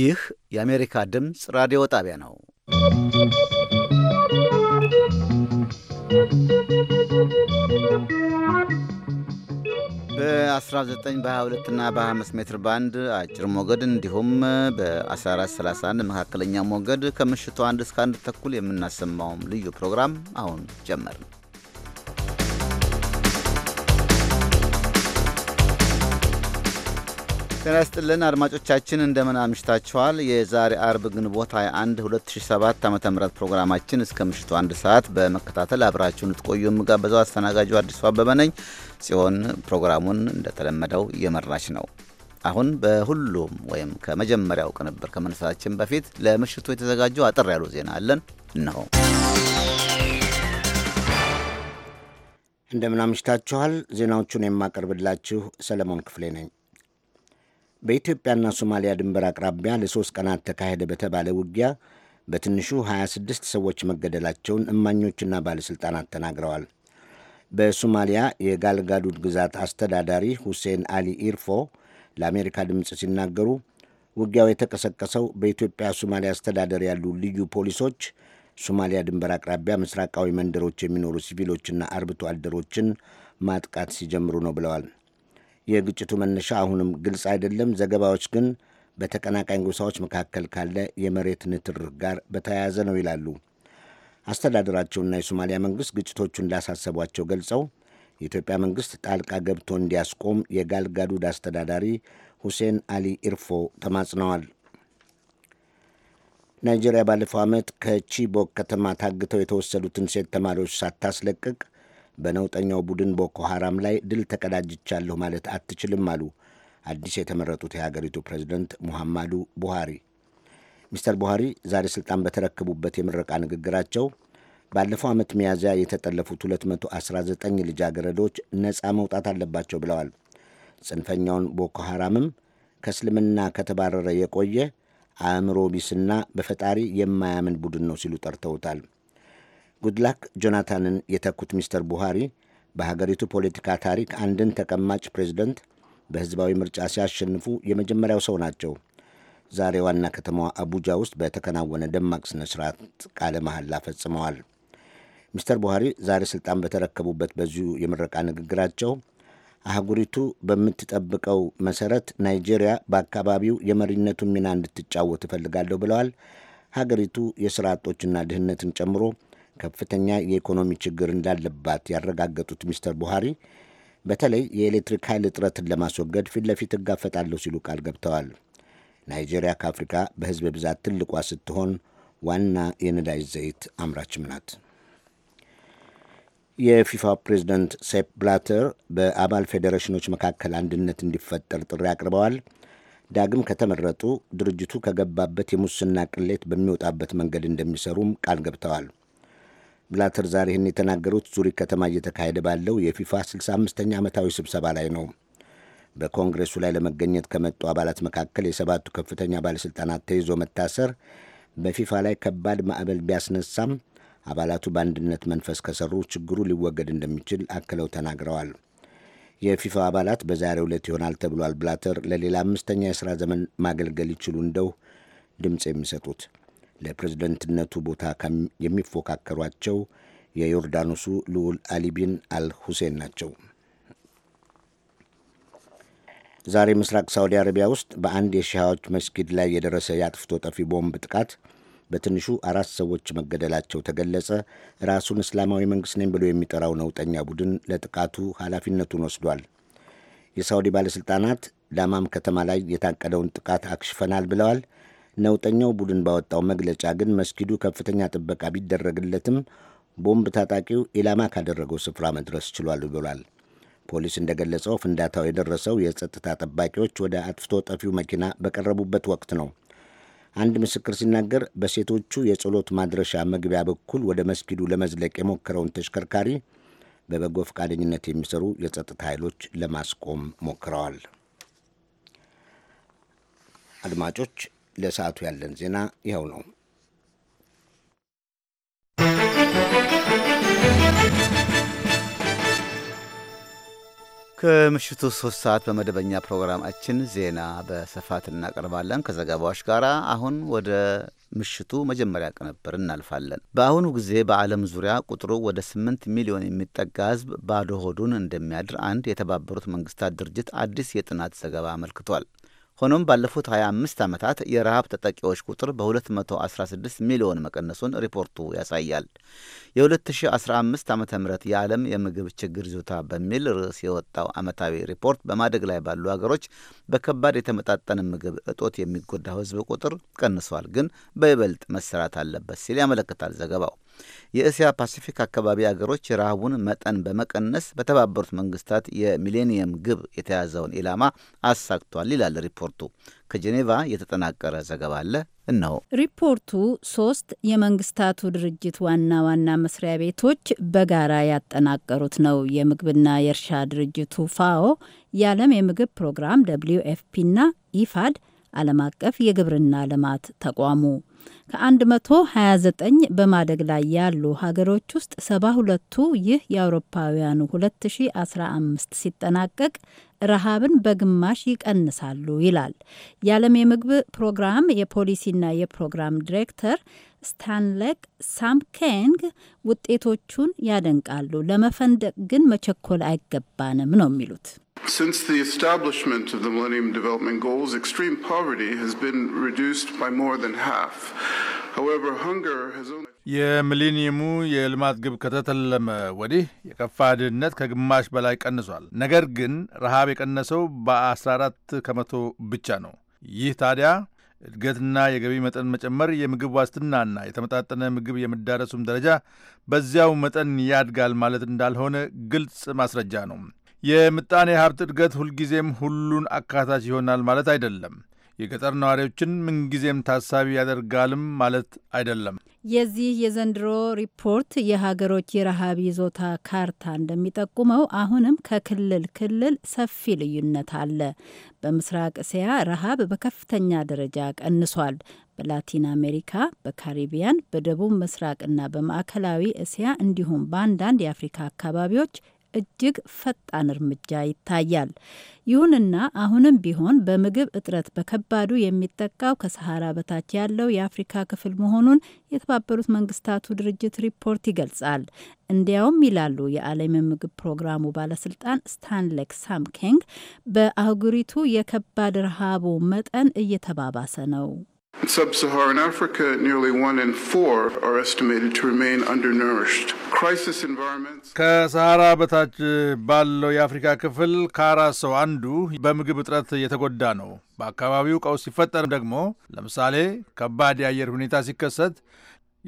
ይህ የአሜሪካ ድምፅ ራዲዮ ጣቢያ ነው። በ19 22 እና በ25 ሜትር ባንድ አጭር ሞገድ እንዲሁም በ1431 መካከለኛ ሞገድ ከምሽቱ አንድ እስከ አንድ ተኩል የምናሰማውም ልዩ ፕሮግራም አሁን ጀመርን። ጤና ይስጥልን አድማጮቻችን፣ እንደምን አምሽታችኋል። የዛሬ አርብ ግንቦት 21 2007 ዓ ም ፕሮግራማችን እስከ ምሽቱ አንድ ሰዓት በመከታተል አብራችሁን ልትቆዩ የምጋበዘው አስተናጋጁ አዲሱ አበበ ነኝ። ፕሮግራሙን እንደተለመደው እየመራች ነው። አሁን በሁሉም ወይም ከመጀመሪያው ቅንብር ከመነሳታችን በፊት ለምሽቱ የተዘጋጁ አጠር ያሉ ዜና አለን። እነሆ አምሽታችኋል። ዜናዎቹን የማቀርብላችሁ ሰለሞን ክፍሌ ነኝ። በኢትዮጵያና ሶማሊያ ድንበር አቅራቢያ ለሶስት ቀናት ተካሄደ በተባለ ውጊያ በትንሹ 26 ሰዎች መገደላቸውን እማኞችና ባለሥልጣናት ተናግረዋል። በሶማሊያ የጋልጋዱድ ግዛት አስተዳዳሪ ሁሴን አሊ ኢርፎ ለአሜሪካ ድምፅ ሲናገሩ ውጊያው የተቀሰቀሰው በኢትዮጵያ ሶማሊያ አስተዳደር ያሉ ልዩ ፖሊሶች ሶማሊያ ድንበር አቅራቢያ ምስራቃዊ መንደሮች የሚኖሩ ሲቪሎችና አርብቶ አደሮችን ማጥቃት ሲጀምሩ ነው ብለዋል። የግጭቱ መነሻ አሁንም ግልጽ አይደለም። ዘገባዎች ግን በተቀናቃኝ ጎሳዎች መካከል ካለ የመሬት ንትርክ ጋር በተያያዘ ነው ይላሉ። አስተዳደራቸውና የሶማሊያ መንግሥት ግጭቶቹ እንዳሳሰቧቸው ገልጸው የኢትዮጵያ መንግሥት ጣልቃ ገብቶ እንዲያስቆም የጋልጋዱድ አስተዳዳሪ ሁሴን አሊ ኢርፎ ተማጽነዋል። ናይጄሪያ ባለፈው ዓመት ከቺቦክ ከተማ ታግተው የተወሰዱትን ሴት ተማሪዎች ሳታስለቅቅ በነውጠኛው ቡድን ቦኮ ሐራም ላይ ድል ተቀዳጅቻለሁ ማለት አትችልም አሉ አዲስ የተመረጡት የሀገሪቱ ፕሬዚደንት ሙሐማዱ ቡሃሪ። ሚስተር ቡሃሪ ዛሬ ስልጣን በተረከቡበት የምረቃ ንግግራቸው ባለፈው ዓመት ሚያዝያ የተጠለፉት 219 ልጃገረዶች ነፃ መውጣት አለባቸው ብለዋል። ጽንፈኛውን ቦኮ ሐራምም ከእስልምና ከተባረረ የቆየ አእምሮ ቢስና በፈጣሪ የማያምን ቡድን ነው ሲሉ ጠርተውታል። ጉድላክ ጆናታንን የተኩት ሚስተር ቡሃሪ በሀገሪቱ ፖለቲካ ታሪክ አንድን ተቀማጭ ፕሬዚደንት በሕዝባዊ ምርጫ ሲያሸንፉ የመጀመሪያው ሰው ናቸው። ዛሬ ዋና ከተማዋ አቡጃ ውስጥ በተከናወነ ደማቅ ስነ ስርዓት ቃለ መሐላ ፈጽመዋል። ሚስተር ቡሃሪ ዛሬ ስልጣን በተረከቡበት በዚሁ የምረቃ ንግግራቸው አህጉሪቱ በምትጠብቀው መሰረት ናይጄሪያ በአካባቢው የመሪነቱን ሚና እንድትጫወት እፈልጋለሁ ብለዋል። ሀገሪቱ የስራ አጦችና ድህነትን ጨምሮ ከፍተኛ የኢኮኖሚ ችግር እንዳለባት ያረጋገጡት ሚስተር ቡሃሪ በተለይ የኤሌክትሪክ ኃይል እጥረትን ለማስወገድ ፊት ለፊት እጋፈጣለሁ ሲሉ ቃል ገብተዋል። ናይጄሪያ ከአፍሪካ በሕዝብ ብዛት ትልቋ ስትሆን ዋና የነዳጅ ዘይት አምራችም ናት። የፊፋ ፕሬዚደንት ሴፕ ብላተር በአባል ፌዴሬሽኖች መካከል አንድነት እንዲፈጠር ጥሪ አቅርበዋል። ዳግም ከተመረጡ ድርጅቱ ከገባበት የሙስና ቅሌት በሚወጣበት መንገድ እንደሚሰሩም ቃል ገብተዋል። ብላተር ዛሬ ይህን የተናገሩት ዙሪክ ከተማ እየተካሄደ ባለው የፊፋ 65ኛ ዓመታዊ ስብሰባ ላይ ነው። በኮንግሬሱ ላይ ለመገኘት ከመጡ አባላት መካከል የሰባቱ ከፍተኛ ባለሥልጣናት ተይዞ መታሰር በፊፋ ላይ ከባድ ማዕበል ቢያስነሳም አባላቱ በአንድነት መንፈስ ከሰሩ ችግሩ ሊወገድ እንደሚችል አክለው ተናግረዋል። የፊፋ አባላት በዛሬው ዕለት ይሆናል ተብሏል ብላተር ለሌላ አምስተኛ የሥራ ዘመን ማገልገል ይችሉ እንደው ድምፅ የሚሰጡት ለፕሬዝደንትነቱ ቦታ የሚፎካከሯቸው የዮርዳኖሱ ልዑል አሊ ቢን አልሁሴን ናቸው። ዛሬ ምስራቅ ሳውዲ አረቢያ ውስጥ በአንድ የሺሃዎች መስጊድ ላይ የደረሰ የአጥፍቶ ጠፊ ቦምብ ጥቃት በትንሹ አራት ሰዎች መገደላቸው ተገለጸ። ራሱን እስላማዊ መንግሥት ነኝ ብሎ የሚጠራው ነውጠኛ ቡድን ለጥቃቱ ኃላፊነቱን ወስዷል። የሳውዲ ባለሥልጣናት ዳማም ከተማ ላይ የታቀደውን ጥቃት አክሽፈናል ብለዋል። ነውጠኛው ቡድን ባወጣው መግለጫ ግን መስጊዱ ከፍተኛ ጥበቃ ቢደረግለትም ቦምብ ታጣቂው ኢላማ ካደረገው ስፍራ መድረስ ችሏል ብሏል። ፖሊስ እንደገለጸው ፍንዳታው የደረሰው የጸጥታ ጠባቂዎች ወደ አጥፍቶ ጠፊው መኪና በቀረቡበት ወቅት ነው። አንድ ምስክር ሲናገር በሴቶቹ የጸሎት ማድረሻ መግቢያ በኩል ወደ መስጊዱ ለመዝለቅ የሞከረውን ተሽከርካሪ በበጎ ፈቃደኝነት የሚሰሩ የጸጥታ ኃይሎች ለማስቆም ሞክረዋል። አድማጮች ለሰዓቱ ያለን ዜና ይኸው ነው። ከምሽቱ ሶስት ሰዓት በመደበኛ ፕሮግራማችን ዜና በስፋት እናቀርባለን ከዘገባዎች ጋር። አሁን ወደ ምሽቱ መጀመሪያ ቅንብር እናልፋለን። በአሁኑ ጊዜ በዓለም ዙሪያ ቁጥሩ ወደ ስምንት ሚሊዮን የሚጠጋ ሕዝብ ባዶ ሆዱን እንደሚያድር አንድ የተባበሩት መንግስታት ድርጅት አዲስ የጥናት ዘገባ አመልክቷል። ሆኖም ባለፉት 25 ዓመታት የረሃብ ተጠቂዎች ቁጥር በ216 ሚሊዮን መቀነሱን ሪፖርቱ ያሳያል። የ2015 ዓ ም የዓለም የምግብ ችግር ይዞታ በሚል ርዕስ የወጣው ዓመታዊ ሪፖርት በማደግ ላይ ባሉ አገሮች በከባድ የተመጣጠነ ምግብ እጦት የሚጎዳው ሕዝብ ቁጥር ቀንሷል፣ ግን በይበልጥ መሰራት አለበት ሲል ያመለክታል ዘገባው። የእስያ ፓሲፊክ አካባቢ አገሮች የረሃቡን መጠን በመቀነስ በተባበሩት መንግስታት የሚሌኒየም ግብ የተያዘውን ኢላማ አሳክቷል ይላል ሪፖርት። ሪፖርቱ ከጄኔቫ የተጠናቀረ ዘገባ አለ እነሆ። ሪፖርቱ ሶስት የመንግስታቱ ድርጅት ዋና ዋና መስሪያ ቤቶች በጋራ ያጠናቀሩት ነው። የምግብና የእርሻ ድርጅቱ ፋኦ፣ የዓለም የምግብ ፕሮግራም ደብልዩ ኤፍፒ ና ኢፋድ ዓለም አቀፍ የግብርና ልማት ተቋሙ ከ129 በማደግ ላይ ያሉ ሀገሮች ውስጥ 72ቱ ይህ የአውሮፓውያኑ 2015 ሲጠናቀቅ ረሃብን በግማሽ ይቀንሳሉ ይላል። የዓለም የምግብ ፕሮግራም የፖሊሲና የፕሮግራም ዲሬክተር ስታንሌክ ሳምኬንግ ውጤቶቹን ያደንቃሉ። ለመፈንደቅ ግን መቸኮል አይገባንም ነው የሚሉት። Since the establishment of the Millennium Development Goals, extreme poverty has been reduced by more than half. However, hunger has only... የሚሊኒየሙ የልማት ግብ ከተተለመ ወዲህ የከፋ ድህነት ከግማሽ በላይ ቀንሷል። ነገር ግን ረሃብ የቀነሰው በ14 ከመቶ ብቻ ነው። ይህ ታዲያ እድገትና የገቢ መጠን መጨመር የምግብ ዋስትናና የተመጣጠነ ምግብ የመዳረሱም ደረጃ በዚያው መጠን ያድጋል ማለት እንዳልሆነ ግልጽ ማስረጃ ነው። የምጣኔ ሀብት እድገት ሁልጊዜም ሁሉን አካታች ይሆናል ማለት አይደለም። የገጠር ነዋሪዎችን ምንጊዜም ታሳቢ ያደርጋልም ማለት አይደለም። የዚህ የዘንድሮ ሪፖርት የሀገሮች የረሃብ ይዞታ ካርታ እንደሚጠቁመው አሁንም ከክልል ክልል ሰፊ ልዩነት አለ። በምስራቅ እስያ ረሃብ በከፍተኛ ደረጃ ቀንሷል። በላቲን አሜሪካ፣ በካሪቢያን፣ በደቡብ ምስራቅና በማዕከላዊ እስያ እንዲሁም በአንዳንድ የአፍሪካ አካባቢዎች እጅግ ፈጣን እርምጃ ይታያል። ይሁንና አሁንም ቢሆን በምግብ እጥረት በከባዱ የሚጠቃው ከሰሃራ በታች ያለው የአፍሪካ ክፍል መሆኑን የተባበሩት መንግስታቱ ድርጅት ሪፖርት ይገልጻል። እንዲያውም ይላሉ የዓለም የምግብ ፕሮግራሙ ባለስልጣን ስታንሌክ ሳምኬንግ በአህጉሪቱ የከባድ ረሃቡ መጠን እየተባባሰ ነው። In sub Saharan Africa, nearly one in four are estimated to remain undernourished. Crisis environments. ከሰሃራ በታች ባለው የአፍሪካ ክፍል ከአራት ሰው አንዱ በምግብ እጥረት የተጎዳ ነው። በአካባቢው ቀውስ ሲፈጠር ደግሞ ለምሳሌ ከባድ የአየር ሁኔታ ሲከሰት፣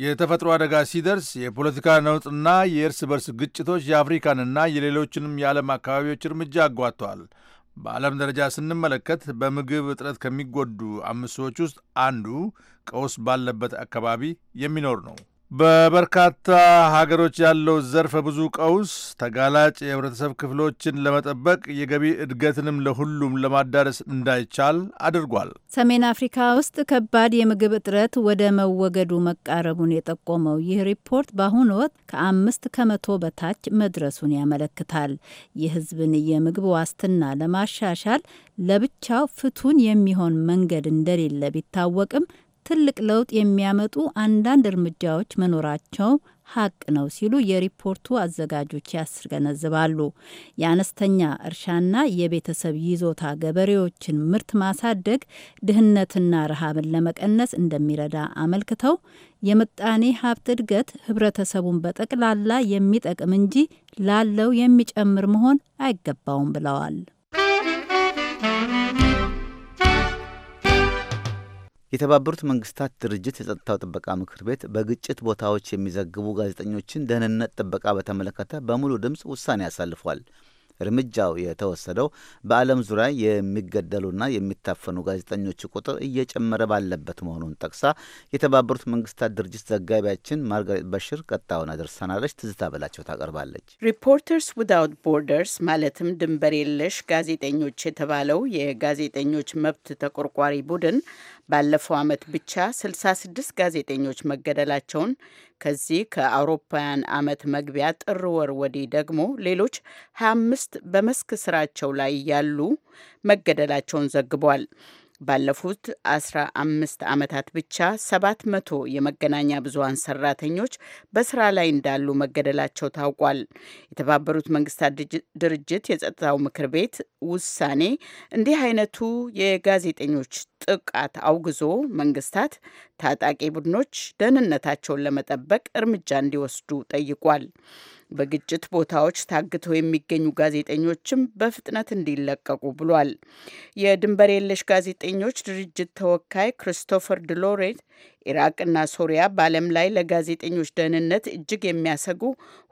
የተፈጥሮ አደጋ ሲደርስ፣ የፖለቲካ ነውጥና የእርስ በርስ ግጭቶች የአፍሪካንና የሌሎችንም የዓለም አካባቢዎች እርምጃ አጓተዋል። በዓለም ደረጃ ስንመለከት በምግብ እጥረት ከሚጎዱ አምስት ሰዎች ውስጥ አንዱ ቀውስ ባለበት አካባቢ የሚኖር ነው። በበርካታ ሀገሮች ያለው ዘርፈ ብዙ ቀውስ ተጋላጭ የህብረተሰብ ክፍሎችን ለመጠበቅ የገቢ እድገትንም ለሁሉም ለማዳረስ እንዳይቻል አድርጓል። ሰሜን አፍሪካ ውስጥ ከባድ የምግብ እጥረት ወደ መወገዱ መቃረቡን የጠቆመው ይህ ሪፖርት በአሁኑ ወቅት ከአምስት ከመቶ በታች መድረሱን ያመለክታል። የህዝብን የምግብ ዋስትና ለማሻሻል ለብቻው ፍቱን የሚሆን መንገድ እንደሌለ ቢታወቅም ትልቅ ለውጥ የሚያመጡ አንዳንድ እርምጃዎች መኖራቸው ሀቅ ነው ሲሉ የሪፖርቱ አዘጋጆች ያስገነዝባሉ። የአነስተኛ እርሻና የቤተሰብ ይዞታ ገበሬዎችን ምርት ማሳደግ ድህነትና ረሃብን ለመቀነስ እንደሚረዳ አመልክተው የምጣኔ ሀብት እድገት ህብረተሰቡን በጠቅላላ የሚጠቅም እንጂ ላለው የሚጨምር መሆን አይገባውም ብለዋል። የተባበሩት መንግስታት ድርጅት የጸጥታው ጥበቃ ምክር ቤት በግጭት ቦታዎች የሚዘግቡ ጋዜጠኞችን ደህንነት ጥበቃ በተመለከተ በሙሉ ድምፅ ውሳኔ አሳልፏል። እርምጃው የተወሰደው በዓለም ዙሪያ የሚገደሉና የሚታፈኑ ጋዜጠኞች ቁጥር እየጨመረ ባለበት መሆኑን ጠቅሳ የተባበሩት መንግስታት ድርጅት ዘጋቢያችን ማርጋሬት በሽር ቀጣዩን አደርሰናለች። ትዝታ በላቸው ታቀርባለች። ሪፖርተርስ ዊዛውት ቦርደርስ ማለትም ድንበር የለሽ ጋዜጠኞች የተባለው የጋዜጠኞች መብት ተቆርቋሪ ቡድን ባለፈው ዓመት ብቻ 66 ጋዜጠኞች መገደላቸውን ከዚህ ከአውሮፓውያን ዓመት መግቢያ ጥር ወር ወዲህ ደግሞ ሌሎች 25 በመስክ ስራቸው ላይ ያሉ መገደላቸውን ዘግቧል። ባለፉት አስራ አምስት ዓመታት ብቻ ሰባት መቶ የመገናኛ ብዙሀን ሰራተኞች በስራ ላይ እንዳሉ መገደላቸው ታውቋል። የተባበሩት መንግስታት ድርጅት የጸጥታው ምክር ቤት ውሳኔ እንዲህ አይነቱ የጋዜጠኞች ጥቃት አውግዞ መንግስታት ታጣቂ ቡድኖች ደህንነታቸውን ለመጠበቅ እርምጃ እንዲወስዱ ጠይቋል። በግጭት ቦታዎች ታግተው የሚገኙ ጋዜጠኞችም በፍጥነት እንዲለቀቁ ብሏል። የድንበር የለሽ ጋዜጠኞች ድርጅት ተወካይ ክሪስቶፈር ድሎሬት ኢራቅና ሶሪያ በዓለም ላይ ለጋዜጠኞች ደህንነት እጅግ የሚያሰጉ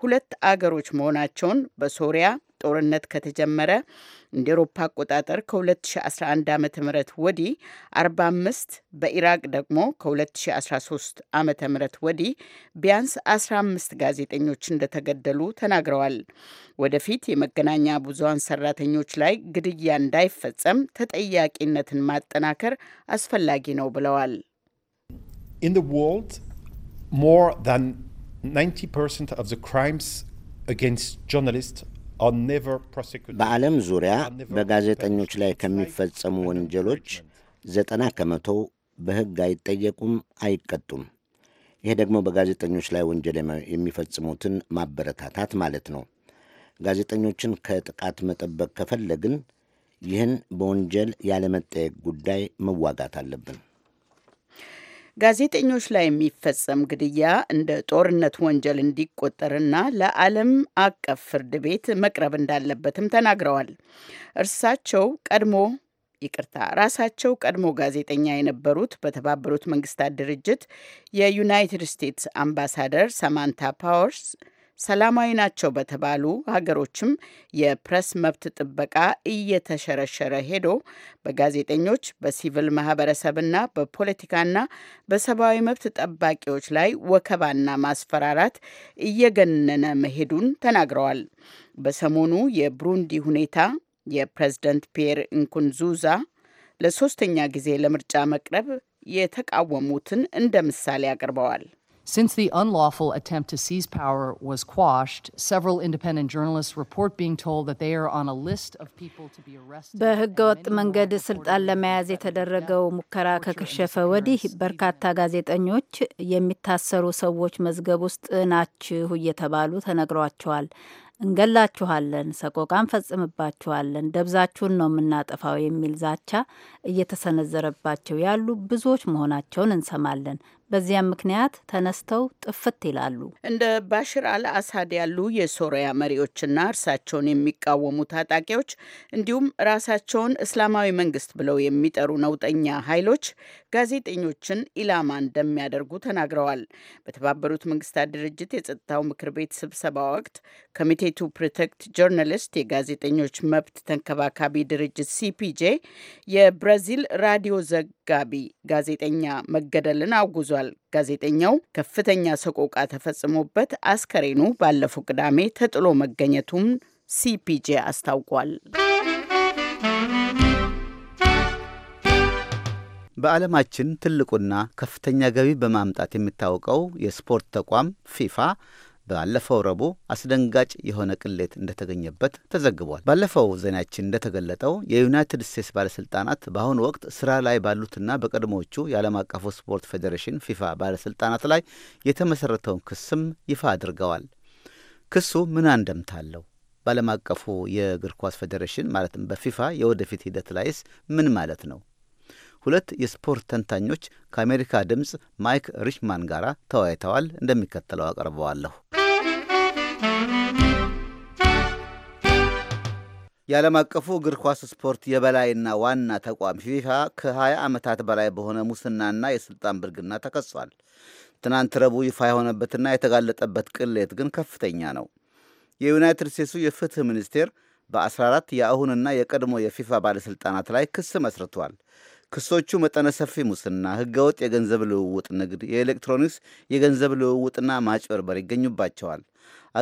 ሁለት አገሮች መሆናቸውን በሶሪያ ጦርነት ከተጀመረ እንደ ኤሮፓ አቆጣጠር ከ2011 ዓ ም ወዲህ 45 በኢራቅ ደግሞ ከ2013 ዓ ም ወዲህ ቢያንስ 15 ጋዜጠኞች እንደተገደሉ ተናግረዋል። ወደፊት የመገናኛ ብዙሃን ሰራተኞች ላይ ግድያ እንዳይፈጸም ተጠያቂነትን ማጠናከር አስፈላጊ ነው ብለዋል። In the world, more than 90% of the crimes against journalists በዓለም ዙሪያ በጋዜጠኞች ላይ ከሚፈጸሙ ወንጀሎች ዘጠና ከመቶ በሕግ አይጠየቁም፣ አይቀጡም። ይህ ደግሞ በጋዜጠኞች ላይ ወንጀል የሚፈጽሙትን ማበረታታት ማለት ነው። ጋዜጠኞችን ከጥቃት መጠበቅ ከፈለግን ይህን በወንጀል ያለመጠየቅ ጉዳይ መዋጋት አለብን። ጋዜጠኞች ላይ የሚፈጸም ግድያ እንደ ጦርነት ወንጀል እንዲቆጠርና ለዓለም አቀፍ ፍርድ ቤት መቅረብ እንዳለበትም ተናግረዋል። እርሳቸው ቀድሞ ይቅርታ፣ ራሳቸው ቀድሞ ጋዜጠኛ የነበሩት በተባበሩት መንግስታት ድርጅት የዩናይትድ ስቴትስ አምባሳደር ሳማንታ ፓወርስ ሰላማዊ ናቸው በተባሉ ሀገሮችም የፕሬስ መብት ጥበቃ እየተሸረሸረ ሄዶ በጋዜጠኞች በሲቪል ማህበረሰብና በፖለቲካና በሰብአዊ መብት ጠባቂዎች ላይ ወከባና ማስፈራራት እየገነነ መሄዱን ተናግረዋል። በሰሞኑ የብሩንዲ ሁኔታ የፕሬዝደንት ፒየር ኢንኩንዙዛ ለሶስተኛ ጊዜ ለምርጫ መቅረብ የተቃወሙትን እንደ ምሳሌ አቅርበዋል። Since the unlawful attempt to seize power was quashed, several independent journalists report being told that they are on a list of people to be arrested. በህገወጥ መንገድ ስልጣን ለመያዝ የተደረገው ሙከራ ከከሸፈ ወዲህ በርካታ ጋዜጠኞች የሚታሰሩ ሰዎች መዝገብ ውስጥ ናችሁ እየተባሉ ተነግሯቸዋል። እንገላችኋለን፣ ሰቆቃ እንፈጽምባችኋለን፣ ደብዛችሁን ነው የምናጠፋው የሚል ዛቻ እየተሰነዘረባቸው ያሉ ብዙዎች መሆናቸውን እንሰማለን። በዚያም ምክንያት ተነስተው ጥፍት ይላሉ። እንደ ባሽር አልአሳድ ያሉ የሶሪያ መሪዎችና እርሳቸውን የሚቃወሙ ታጣቂዎች እንዲሁም ራሳቸውን እስላማዊ መንግስት ብለው የሚጠሩ ነውጠኛ ኃይሎች ጋዜጠኞችን ኢላማ እንደሚያደርጉ ተናግረዋል። በተባበሩት መንግስታት ድርጅት የጸጥታው ምክር ቤት ስብሰባ ወቅት ኮሚቴ ቱ ፕሮቴክት ጆርናሊስት የጋዜጠኞች መብት ተንከባካቢ ድርጅት ሲፒጄ የብራዚል ራዲዮ ዘጋቢ ጋዜጠኛ መገደልን አውጉዟል። ተይዟል። ጋዜጠኛው ከፍተኛ ሰቆቃ ተፈጽሞበት አስከሬኑ ባለፈው ቅዳሜ ተጥሎ መገኘቱም ሲፒጄ አስታውቋል። በዓለማችን ትልቁና ከፍተኛ ገቢ በማምጣት የሚታወቀው የስፖርት ተቋም ፊፋ ባለፈው ረቡዕ አስደንጋጭ የሆነ ቅሌት እንደተገኘበት ተዘግቧል። ባለፈው ዜናችን እንደተገለጠው የዩናይትድ ስቴትስ ባለሥልጣናት በአሁኑ ወቅት ስራ ላይ ባሉትና በቀድሞዎቹ የዓለም አቀፉ ስፖርት ፌዴሬሽን ፊፋ ባለሥልጣናት ላይ የተመሠረተውን ክስም ይፋ አድርገዋል። ክሱ ምን አንደምታ አለው? በዓለም አቀፉ የእግር ኳስ ፌዴሬሽን ማለትም በፊፋ የወደፊት ሂደት ላይስ ምን ማለት ነው? ሁለት የስፖርት ተንታኞች ከአሜሪካ ድምፅ ማይክ ሪችማን ጋር ተወያይተዋል። እንደሚከተለው አቀርበዋለሁ። የዓለም አቀፉ እግር ኳስ ስፖርት የበላይና ዋና ተቋም ፊፋ ከ20 ዓመታት በላይ በሆነ ሙስናና የሥልጣን ብልግና ተከሷል። ትናንት ረቡዕ ይፋ የሆነበትና የተጋለጠበት ቅሌት ግን ከፍተኛ ነው። የዩናይትድ ስቴትሱ የፍትህ ሚኒስቴር በ14 የአሁንና የቀድሞ የፊፋ ባለሥልጣናት ላይ ክስ መስርቷል። ክሶቹ መጠነ ሰፊ ሙስና፣ ህገወጥ የገንዘብ ልውውጥ ንግድ፣ የኤሌክትሮኒክስ የገንዘብ ልውውጥና ማጭበርበር ይገኙባቸዋል።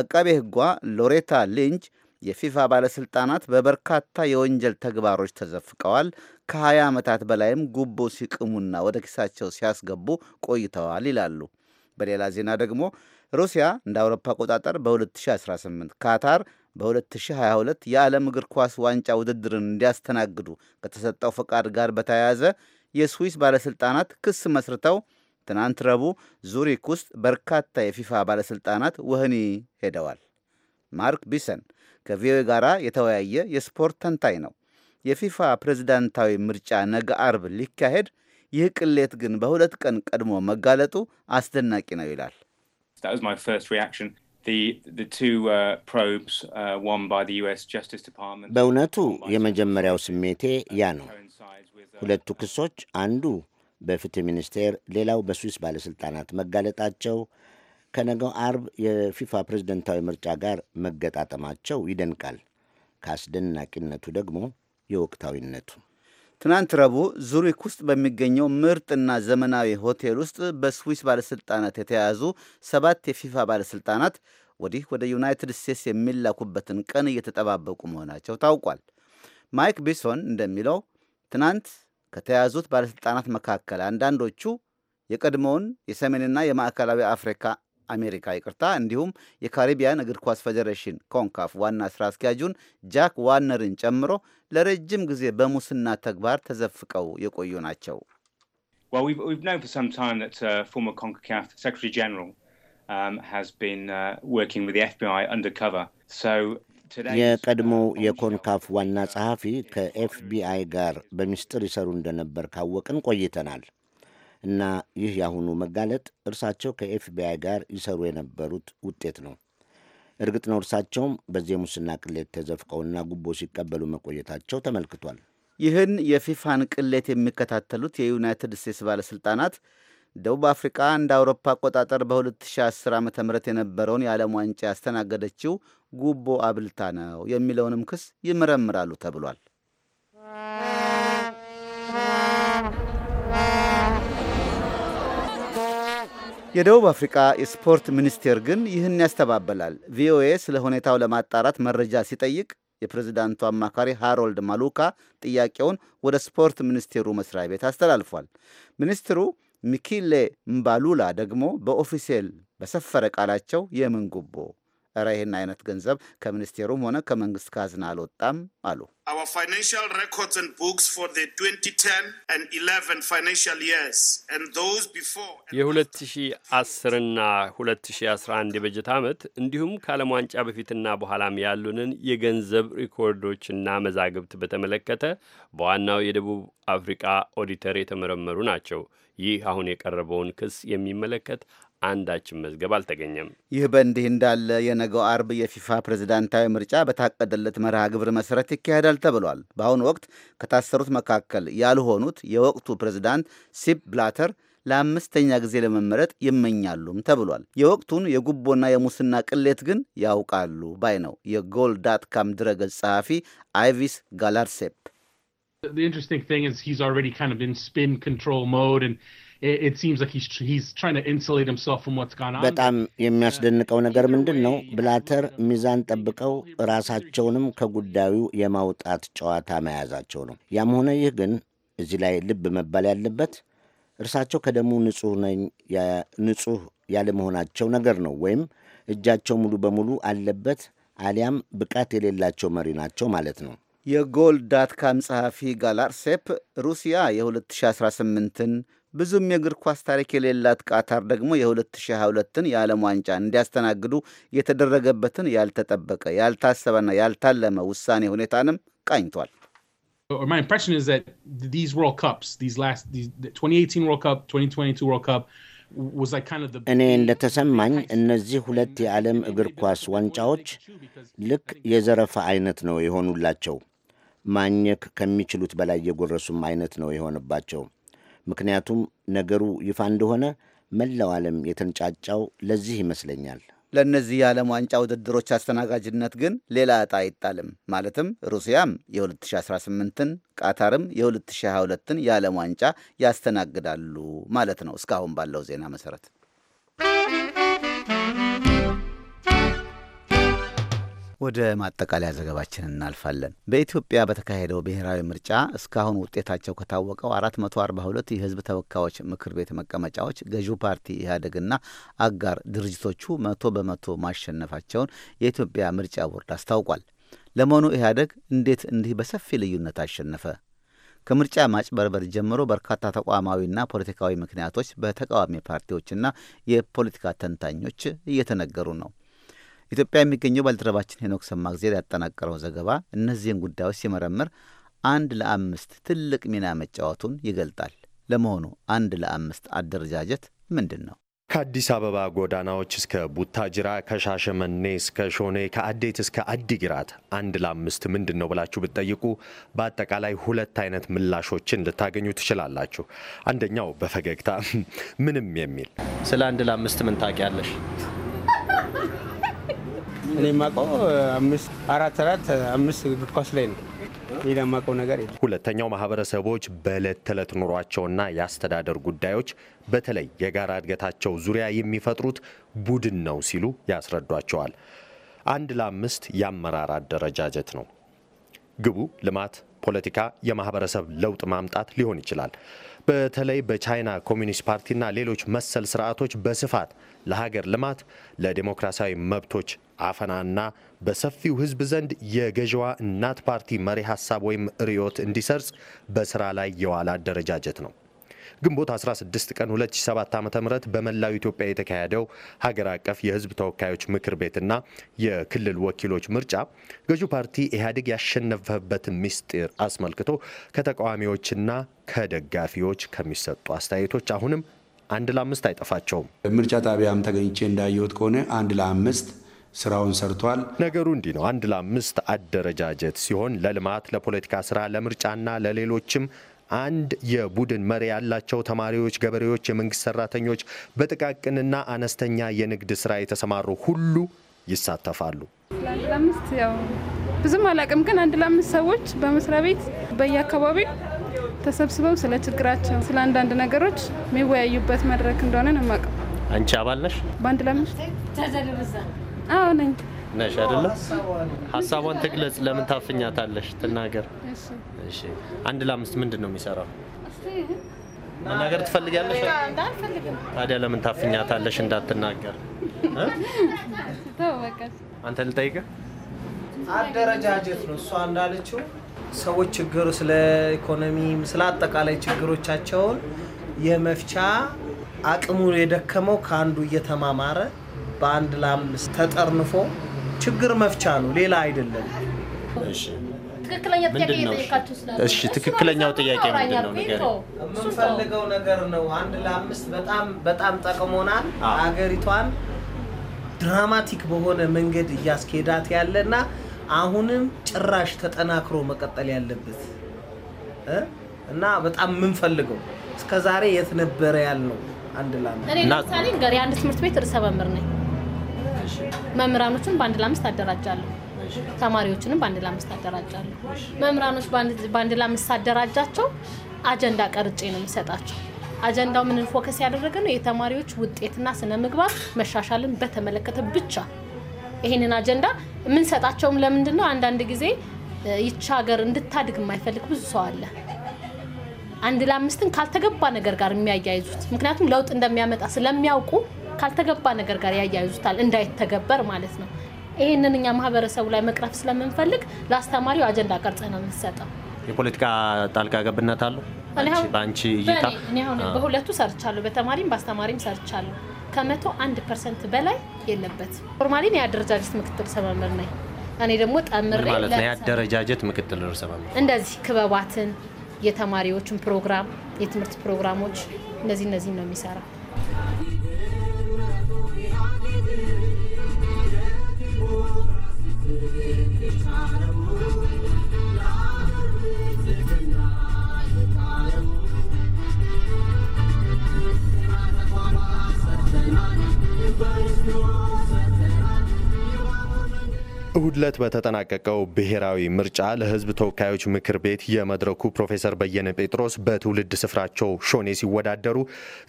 አቃቤ ህጓ ሎሬታ ሊንች የፊፋ ባለሥልጣናት በበርካታ የወንጀል ተግባሮች ተዘፍቀዋል፣ ከ20 ዓመታት በላይም ጉቦ ሲቅሙና ወደ ኪሳቸው ሲያስገቡ ቆይተዋል ይላሉ። በሌላ ዜና ደግሞ ሩሲያ እንደ አውሮፓ አቆጣጠር በ2018 ካታር በ2022 የዓለም እግር ኳስ ዋንጫ ውድድርን እንዲያስተናግዱ ከተሰጠው ፈቃድ ጋር በተያያዘ የስዊስ ባለሥልጣናት ክስ መስርተው ትናንት ረቡዕ ዙሪክ ውስጥ በርካታ የፊፋ ባለሥልጣናት ወህኒ ሄደዋል። ማርክ ቢሰን ከቪኦኤ ጋር የተወያየ የስፖርት ተንታኝ ነው። የፊፋ ፕሬዝዳንታዊ ምርጫ ነገ አርብ ሊካሄድ፣ ይህ ቅሌት ግን በሁለት ቀን ቀድሞ መጋለጡ አስደናቂ ነው ይላል። uh, uh, በእውነቱ የመጀመሪያው ስሜቴ ያ ነው። uh, ሁለቱ ክሶች አንዱ በፍትህ ሚኒስቴር፣ ሌላው በስዊስ ባለሥልጣናት መጋለጣቸው ከነገው አርብ የፊፋ ፕሬዝደንታዊ ምርጫ ጋር መገጣጠማቸው ይደንቃል። ከአስደናቂነቱ ደግሞ የወቅታዊነቱ ትናንት ረቡዕ ዙሪክ ውስጥ በሚገኘው ምርጥና ዘመናዊ ሆቴል ውስጥ በስዊስ ባለሥልጣናት የተያዙ ሰባት የፊፋ ባለሥልጣናት ወዲህ ወደ ዩናይትድ ስቴትስ የሚላኩበትን ቀን እየተጠባበቁ መሆናቸው ታውቋል። ማይክ ቢሶን እንደሚለው ትናንት ከተያዙት ባለሥልጣናት መካከል አንዳንዶቹ የቀድሞውን የሰሜንና የማዕከላዊ አፍሪካ አሜሪካ ይቅርታ፣ እንዲሁም የካሪቢያን እግር ኳስ ፌዴሬሽን ኮንካፍ ዋና ስራ አስኪያጁን ጃክ ዋነርን ጨምሮ ለረጅም ጊዜ በሙስና ተግባር ተዘፍቀው የቆዩ ናቸው። የቀድሞው የኮንካፍ ዋና ጸሐፊ ከኤፍቢአይ ጋር በሚስጥር ይሰሩ እንደነበር ካወቅን ቆይተናል። እና ይህ ያሁኑ መጋለጥ እርሳቸው ከኤፍቢአይ ጋር ይሰሩ የነበሩት ውጤት ነው። እርግጥ ነው እርሳቸውም በዚህ የሙስና ቅሌት ተዘፍቀውና ጉቦ ሲቀበሉ መቆየታቸው ተመልክቷል። ይህን የፊፋን ቅሌት የሚከታተሉት የዩናይትድ ስቴትስ ባለሥልጣናት ደቡብ አፍሪካ እንደ አውሮፓ አቆጣጠር በ2010 ዓ ም የነበረውን የዓለም ዋንጫ ያስተናገደችው ጉቦ አብልታ ነው የሚለውንም ክስ ይመረምራሉ ተብሏል። የደቡብ አፍሪካ የስፖርት ሚኒስቴር ግን ይህን ያስተባበላል። ቪኦኤ ስለ ሁኔታው ለማጣራት መረጃ ሲጠይቅ የፕሬዝዳንቱ አማካሪ ሃሮልድ ማሉካ ጥያቄውን ወደ ስፖርት ሚኒስቴሩ መስሪያ ቤት አስተላልፏል። ሚኒስትሩ ሚኪሌ ምባሉላ ደግሞ በኦፊሴል በሰፈረ ቃላቸው የምን ጉቦ እረ ይህን አይነት ገንዘብ ከሚኒስቴሩም ሆነ ከመንግስት ካዝና አልወጣም አሉ። የ2010ና 2011 የበጀት ዓመት እንዲሁም ከዓለም ዋንጫ በፊትና በኋላም ያሉንን የገንዘብ ሪኮርዶችና መዛግብት በተመለከተ በዋናው የደቡብ አፍሪቃ ኦዲተር የተመረመሩ ናቸው። ይህ አሁን የቀረበውን ክስ የሚመለከት አንዳችም መዝገብ አልተገኘም። ይህ በእንዲህ እንዳለ የነገው አርብ የፊፋ ፕሬዝዳንታዊ ምርጫ በታቀደለት መርሃ ግብር መሠረት ይካሄዳል ተብሏል። በአሁኑ ወቅት ከታሰሩት መካከል ያልሆኑት የወቅቱ ፕሬዝዳንት ሲፕ ብላተር ለአምስተኛ ጊዜ ለመመረጥ ይመኛሉም ተብሏል። የወቅቱን የጉቦና የሙስና ቅሌት ግን ያውቃሉ ባይ ነው የጎል ዳት ካም ድረገጽ ጸሐፊ አይቪስ ጋላርሴፕ በጣም የሚያስደንቀው ነገር ምንድን ነው? ብላተር ሚዛን ጠብቀው ራሳቸውንም ከጉዳዩ የማውጣት ጨዋታ መያዛቸው ነው። ያም ሆነ ይህ ግን እዚህ ላይ ልብ መባል ያለበት እርሳቸው ከደሙ ንጹህ ነኝ ያለመሆናቸው ነገር ነው። ወይም እጃቸው ሙሉ በሙሉ አለበት አሊያም ብቃት የሌላቸው መሪ ናቸው ማለት ነው። የጎል ዳትካም ጸሐፊ ጋላርሴፕ ሩሲያ የ2018ን ብዙም የእግር ኳስ ታሪክ የሌላት ቃታር ደግሞ የ2022ን የዓለም ዋንጫ እንዲያስተናግዱ የተደረገበትን ያልተጠበቀ ያልታሰበና ያልታለመ ውሳኔ ሁኔታንም ቃኝቷል። እኔ እንደተሰማኝ እነዚህ ሁለት የዓለም እግር ኳስ ዋንጫዎች ልክ የዘረፋ አይነት ነው የሆኑላቸው። ማኘክ ከሚችሉት በላይ የጎረሱም አይነት ነው የሆነባቸው። ምክንያቱም ነገሩ ይፋ እንደሆነ መላው ዓለም የተንጫጫው ለዚህ ይመስለኛል። ለእነዚህ የዓለም ዋንጫ ውድድሮች አስተናጋጅነት ግን ሌላ ዕጣ አይጣልም። ማለትም ሩሲያም የ2018ን ቃታርም የ2022ን የዓለም ዋንጫ ያስተናግዳሉ ማለት ነው። እስካሁን ባለው ዜና መሠረት ወደ ማጠቃለያ ዘገባችን እናልፋለን። በኢትዮጵያ በተካሄደው ብሔራዊ ምርጫ እስካሁን ውጤታቸው ከታወቀው 442 የህዝብ ተወካዮች ምክር ቤት መቀመጫዎች ገዢው ፓርቲ ኢህአዴግና አጋር ድርጅቶቹ መቶ በመቶ ማሸነፋቸውን የኢትዮጵያ ምርጫ ቦርድ አስታውቋል። ለመሆኑ ኢህአዴግ እንዴት እንዲህ በሰፊ ልዩነት አሸነፈ? ከምርጫ ማጭበርበር ጀምሮ በርካታ ተቋማዊና ፖለቲካዊ ምክንያቶች በተቃዋሚ ፓርቲዎችና የፖለቲካ ተንታኞች እየተነገሩ ነው። ኢትዮጵያ የሚገኘው ባልደረባችን ሄኖክ ሰማግዜር ያጠናቀረው ዘገባ እነዚህን ጉዳዮች ሲመረምር አንድ ለአምስት ትልቅ ሚና መጫወቱን ይገልጣል። ለመሆኑ አንድ ለአምስት አደረጃጀት ምንድን ነው? ከአዲስ አበባ ጎዳናዎች እስከ ቡታጅራ፣ ከሻሸመኔ እስከ ሾኔ፣ ከአዴት እስከ አዲግራት አንድ ለአምስት ምንድን ነው ብላችሁ ብትጠይቁ በአጠቃላይ ሁለት አይነት ምላሾችን ልታገኙ ትችላላችሁ። አንደኛው በፈገግታ ምንም የሚል ስለ አንድ ለአምስት ምን ታውቂያለሽ? እኔ የማውቀው አምስት አራት አራት አምስት እግር ኳስ ላይ ነው። ሌላ የማውቀው ነገር የለም። ሁለተኛው ማህበረሰቦች በዕለት ተዕለት ኑሯቸውና የአስተዳደር ጉዳዮች በተለይ የጋራ እድገታቸው ዙሪያ የሚፈጥሩት ቡድን ነው ሲሉ ያስረዷቸዋል። አንድ ለአምስት የአመራር አደረጃጀት ነው። ግቡ ልማት፣ ፖለቲካ፣ የማህበረሰብ ለውጥ ማምጣት ሊሆን ይችላል። በተለይ በቻይና ኮሚኒስት ፓርቲና ሌሎች መሰል ስርዓቶች በስፋት ለሀገር ልማት፣ ለዴሞክራሲያዊ መብቶች አፈናና በሰፊው ህዝብ ዘንድ የገዢዋ እናት ፓርቲ መሪ ሀሳብ ወይም ርዕዮት እንዲሰርጽ በስራ ላይ የዋለ አደረጃጀት ነው። ግንቦት 16 ቀን 2007 ዓ ም በመላው ኢትዮጵያ የተካሄደው ሀገር አቀፍ የህዝብ ተወካዮች ምክር ቤትና የክልል ወኪሎች ምርጫ ገዢው ፓርቲ ኢህአዴግ ያሸነፈበትን ምስጢር አስመልክቶ ከተቃዋሚዎችና ከደጋፊዎች ከሚሰጡ አስተያየቶች አሁንም አንድ ለአምስት አይጠፋቸውም። ምርጫ ጣቢያም ተገኝቼ እንዳየሁት ከሆነ አንድ ለአምስት ስራውን ሰርቷል። ነገሩ እንዲህ ነው። አንድ ለአምስት አደረጃጀት ሲሆን ለልማት፣ ለፖለቲካ ስራ፣ ለምርጫና ለሌሎችም አንድ የቡድን መሪ ያላቸው ተማሪዎች፣ ገበሬዎች፣ የመንግስት ሰራተኞች፣ በጥቃቅንና አነስተኛ የንግድ ስራ የተሰማሩ ሁሉ ይሳተፋሉ። ለአምስት ያው ብዙም አላቅም፣ ግን አንድ ለአምስት ሰዎች በመስሪያ ቤት በየአካባቢው ተሰብስበው ስለ ችግራቸው፣ ስለ አንዳንድ ነገሮች የሚወያዩበት መድረክ እንደሆነ ነው የማውቀው። አንቺ አባል ነሽ? በአንድ ለምሽ አዎ ነኝ ነሽ አይደለም። ሀሳቧን ትግለጽ። ለምን ታፍኛታለሽ? ትናገር። እሺ አንድ ለአምስት ምንድን ነው የሚሰራው? መናገር ትፈልጋለሽ? ታዲያ ለምን ታፍኛታለሽ እንዳትናገር? አንተ ልጠይቅህ። አደረጃጀት ነው እሷ እንዳለችው ሰዎች ችግሩ ስለ ኢኮኖሚ ስለ አጠቃላይ ችግሮቻቸውን የመፍቻ አቅሙ የደከመው ከአንዱ እየተማማረ በአንድ ለአምስት ተጠርንፎ ችግር መፍቻ ነው፣ ሌላ አይደለም። እሺ ትክክለኛው ጥያቄ ምንድን ነው? የምንፈልገው ነገር ነው። አንድ ለአምስት በጣም በጣም ጠቅሞናል። አገሪቷን ድራማቲክ በሆነ መንገድ እያስኬዳት ያለና አሁንም ጭራሽ ተጠናክሮ መቀጠል ያለበት እና በጣም የምንፈልገው እስከ ዛሬ የት ነበረ ያልነው አንድ ለአምስት እኔ ለምሳሌ ገር የአንድ ትምህርት ቤት ርዕሰ መምህር ነኝ። መምህራኖችን በአንድ ለአምስት አደራጃለሁ። ተማሪዎችንም በአንድ ለአምስት አደራጃለሁ። መምህራኖች በአንድ ለአምስት ሳደራጃቸው አጀንዳ ቀርጬ ነው የሚሰጣቸው። አጀንዳው ምንን ፎከስ ያደረገ ነው? የተማሪዎች ውጤትና ስነ ምግባር መሻሻልን በተመለከተ ብቻ ይሄንን አጀንዳ የምንሰጣቸውም ለምንድን ነው? አንዳንድ ጊዜ ይቺ ሀገር እንድታድግ የማይፈልግ ብዙ ሰው አለ። አንድ ለአምስትን ካልተገባ ነገር ጋር የሚያያይዙት ምክንያቱም ለውጥ እንደሚያመጣ ስለሚያውቁ ካልተገባ ነገር ጋር ያያይዙታል፣ እንዳይተገበር ማለት ነው። ይህንን እኛ ማህበረሰቡ ላይ መቅረፍ ስለምንፈልግ ለአስተማሪው አጀንዳ ቀርጸ ነው የምንሰጠው። የፖለቲካ ጣልቃ ገብነት አለው በአንቺ እይታ? በሁለቱ ሰርቻለሁ፣ በተማሪም በአስተማሪም ሰርቻለሁ። ከመቶ አንድ ፐርሰንት በላይ የለበትም። ፎርማሊን የአደረጃጀት ምክትል ሰመምር ነኝ። እኔ ደግሞ ጠምሬ የአደረጃጀት ምክትል ርዕሰ መምህር እንደዚህ ክበባትን፣ የተማሪዎችን ፕሮግራም፣ የትምህርት ፕሮግራሞች እነዚህ እነዚህ ነው የሚሰራ። እሁድ ዕለት በተጠናቀቀው ብሔራዊ ምርጫ ለሕዝብ ተወካዮች ምክር ቤት የመድረኩ ፕሮፌሰር በየነ ጴጥሮስ በትውልድ ስፍራቸው ሾኔ ሲወዳደሩ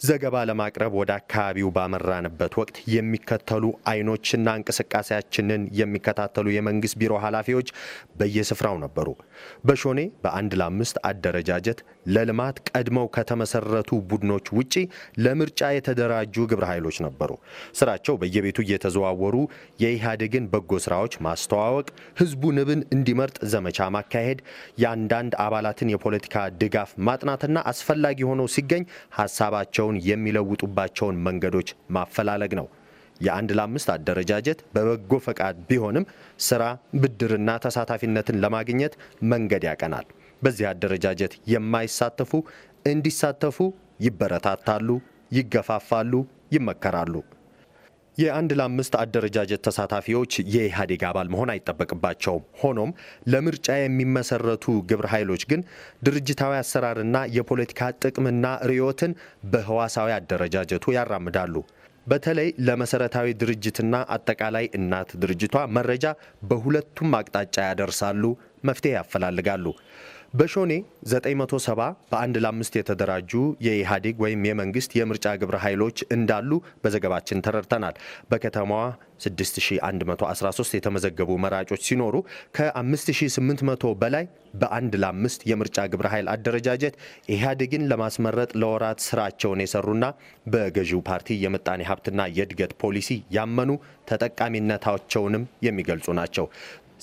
ዘገባ ለማቅረብ ወደ አካባቢው ባመራንበት ወቅት የሚከተሉ አይኖችና እንቅስቃሴያችንን የሚከታተሉ የመንግስት ቢሮ ኃላፊዎች በየስፍራው ነበሩ። በሾኔ በአንድ ለአምስት አደረጃጀት ለልማት ቀድመው ከተመሰረቱ ቡድኖች ውጪ ለምርጫ የተደራጁ ግብረ ኃይሎች ነበሩ። ስራቸው በየቤቱ እየተዘዋወሩ የኢህአዴግን በጎ ስራዎች ማስተዋወቅ ህዝቡ ንብን እንዲመርጥ ዘመቻ ማካሄድ፣ የአንዳንድ አባላትን የፖለቲካ ድጋፍ ማጥናትና አስፈላጊ ሆነው ሲገኝ ሀሳባቸውን የሚለውጡባቸውን መንገዶች ማፈላለግ ነው። የአንድ ለአምስት አደረጃጀት በበጎ ፈቃድ ቢሆንም ስራ፣ ብድርና ተሳታፊነትን ለማግኘት መንገድ ያቀናል። በዚህ አደረጃጀት የማይሳተፉ እንዲሳተፉ ይበረታታሉ፣ ይገፋፋሉ፣ ይመከራሉ። የአንድ ለአምስት አደረጃጀት ተሳታፊዎች የኢህአዴግ አባል መሆን አይጠበቅባቸውም። ሆኖም ለምርጫ የሚመሰረቱ ግብረ ኃይሎች ግን ድርጅታዊ አሰራርና የፖለቲካ ጥቅምና ርዕዮትን በህዋሳዊ አደረጃጀቱ ያራምዳሉ። በተለይ ለመሰረታዊ ድርጅትና አጠቃላይ እናት ድርጅቷ መረጃ በሁለቱም አቅጣጫ ያደርሳሉ፣ መፍትሄ ያፈላልጋሉ። በሾኔ 970 በአንድ ለአምስት የተደራጁ የኢህአዴግ ወይም የመንግስት የምርጫ ግብረ ኃይሎች እንዳሉ በዘገባችን ተረድተናል። በከተማዋ 6113 የተመዘገቡ መራጮች ሲኖሩ ከ5800 በላይ በአንድ ለአምስት የምርጫ ግብረ ኃይል አደረጃጀት ኢህአዴግን ለማስመረጥ ለወራት ስራቸውን የሰሩና በገዢው ፓርቲ የምጣኔ ሀብትና የእድገት ፖሊሲ ያመኑ ተጠቃሚነታቸውንም የሚገልጹ ናቸው።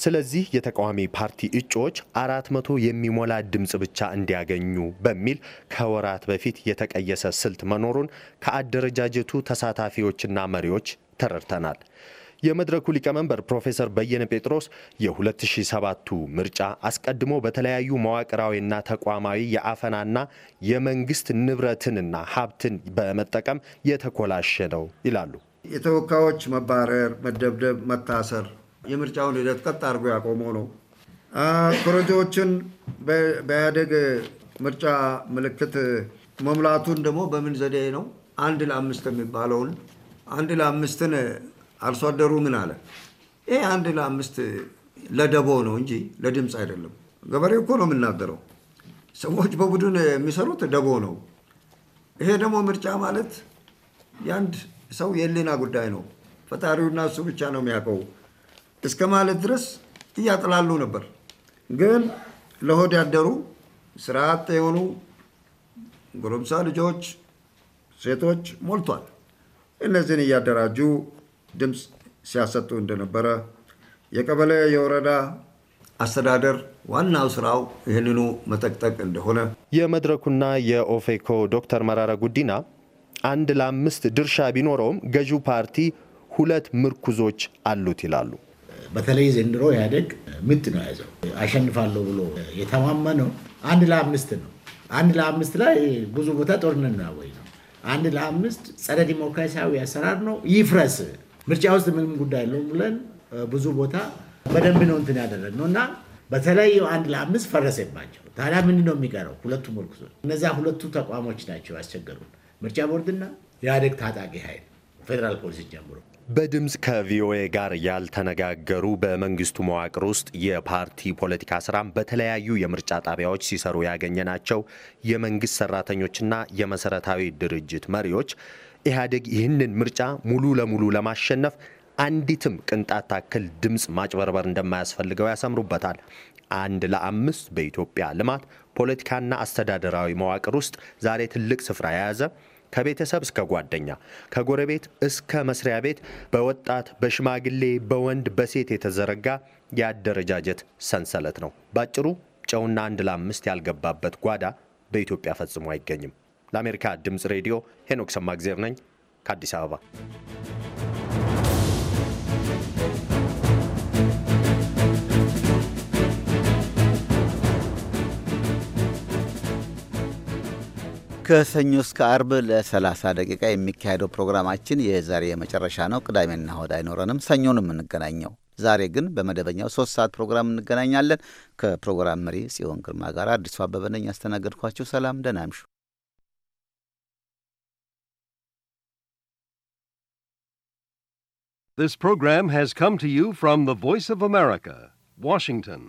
ስለዚህ የተቃዋሚ ፓርቲ እጩዎች አራት መቶ የሚሞላ ድምፅ ብቻ እንዲያገኙ በሚል ከወራት በፊት የተቀየሰ ስልት መኖሩን ከአደረጃጀቱ ተሳታፊዎችና መሪዎች ተረድተናል። የመድረኩ ሊቀመንበር ፕሮፌሰር በየነ ጴጥሮስ የ2007ቱ ምርጫ አስቀድሞ በተለያዩ መዋቅራዊና ተቋማዊ የአፈናና የመንግስት ንብረትንና ሀብትን በመጠቀም የተኮላሸ ነው ይላሉ። የተወካዮች መባረር፣ መደብደብ፣ መታሰር የምርጫውን ሂደት ቀጥ አድርጎ ያቆመው ነው። ኮረጆዎችን በያደግ ምርጫ ምልክት መሙላቱን ደግሞ በምን ዘዴ ነው? አንድ ለአምስት የሚባለውን አንድ ለአምስትን አርሶ አደሩ ምን አለ? ይህ አንድ ለአምስት ለደቦ ነው እንጂ ለድምፅ አይደለም። ገበሬው እኮ ነው የምናገረው። ሰዎች በቡድን የሚሰሩት ደቦ ነው። ይሄ ደግሞ ምርጫ ማለት የአንድ ሰው የህሊና ጉዳይ ነው። ፈጣሪውና እሱ ብቻ ነው የሚያውቀው። እስከ ማለት ድረስ እያጥላሉ ነበር። ግን ለሆድ ያደሩ ስራ አጥ የሆኑ ጎረምሳ ልጆች፣ ሴቶች ሞልቷል። እነዚህን እያደራጁ ድምፅ ሲያሰጡ እንደነበረ የቀበሌ የወረዳ አስተዳደር ዋናው ስራው ይህንኑ መጠቅጠቅ እንደሆነ የመድረኩና የኦፌኮ ዶክተር መራራ ጉዲና አንድ ለአምስት ድርሻ ቢኖረውም ገዢው ፓርቲ ሁለት ምርኩዞች አሉት ይላሉ። በተለይ ዘንድሮ ኢህአዴግ ምት ነው የያዘው። አሸንፋለሁ ብሎ የተማመነው አንድ ለአምስት ነው። አንድ ለአምስት ላይ ብዙ ቦታ ጦርነት ነው ወይ ነው። አንድ ለአምስት ጸረ ዲሞክራሲያዊ አሰራር ነው፣ ይፍረስ፣ ምርጫ ውስጥ ምንም ጉዳይ የለውም ብለን ብዙ ቦታ በደንብ ነው እንትን ነው እና በተለይ አንድ ለአምስት ፈረሰባቸው። ታዲያ ምንድን ነው የሚቀረው? ሁለቱ ምርኩዞች እነዚያ ሁለቱ ተቋሞች ናቸው ያስቸገሩን፣ ምርጫ ቦርድና የኢህአዴግ ታጣቂ ኃይል ፌዴራል ፖሊስን ጀምሮ በድምፅ ከቪኦኤ ጋር ያልተነጋገሩ በመንግስቱ መዋቅር ውስጥ የፓርቲ ፖለቲካ ስራም በተለያዩ የምርጫ ጣቢያዎች ሲሰሩ ያገኘናቸው የመንግስት ሰራተኞችና የመሰረታዊ ድርጅት መሪዎች ኢህአዴግ ይህንን ምርጫ ሙሉ ለሙሉ ለማሸነፍ አንዲትም ቅንጣት ታክል ድምፅ ማጭበርበር እንደማያስፈልገው ያሰምሩበታል። አንድ ለአምስት በኢትዮጵያ ልማት ፖለቲካና አስተዳደራዊ መዋቅር ውስጥ ዛሬ ትልቅ ስፍራ የያዘ ከቤተሰብ እስከ ጓደኛ፣ ከጎረቤት እስከ መስሪያ ቤት በወጣት በሽማግሌ በወንድ በሴት የተዘረጋ የአደረጃጀት ሰንሰለት ነው። ባጭሩ ጨውና አንድ ለአምስት ያልገባበት ጓዳ በኢትዮጵያ ፈጽሞ አይገኝም። ለአሜሪካ ድምፅ ሬዲዮ ሄኖክ ሰማግዜር ነኝ ከአዲስ አበባ። ከሰኞ እስከ አርብ ለ30 ደቂቃ የሚካሄደው ፕሮግራማችን የዛሬ የመጨረሻ ነው። ቅዳሜና እሁድ አይኖረንም። ሰኞ ነው የምንገናኘው። ዛሬ ግን በመደበኛው ሶስት ሰዓት ፕሮግራም እንገናኛለን። ከፕሮግራም መሪ ጽዮን ግርማ ጋር አዲሱ አበበ ነኝ ያስተናገድኳችሁ። ሰላም፣ ደህና እምሹ። This program has come to you from the Voice of America, Washington.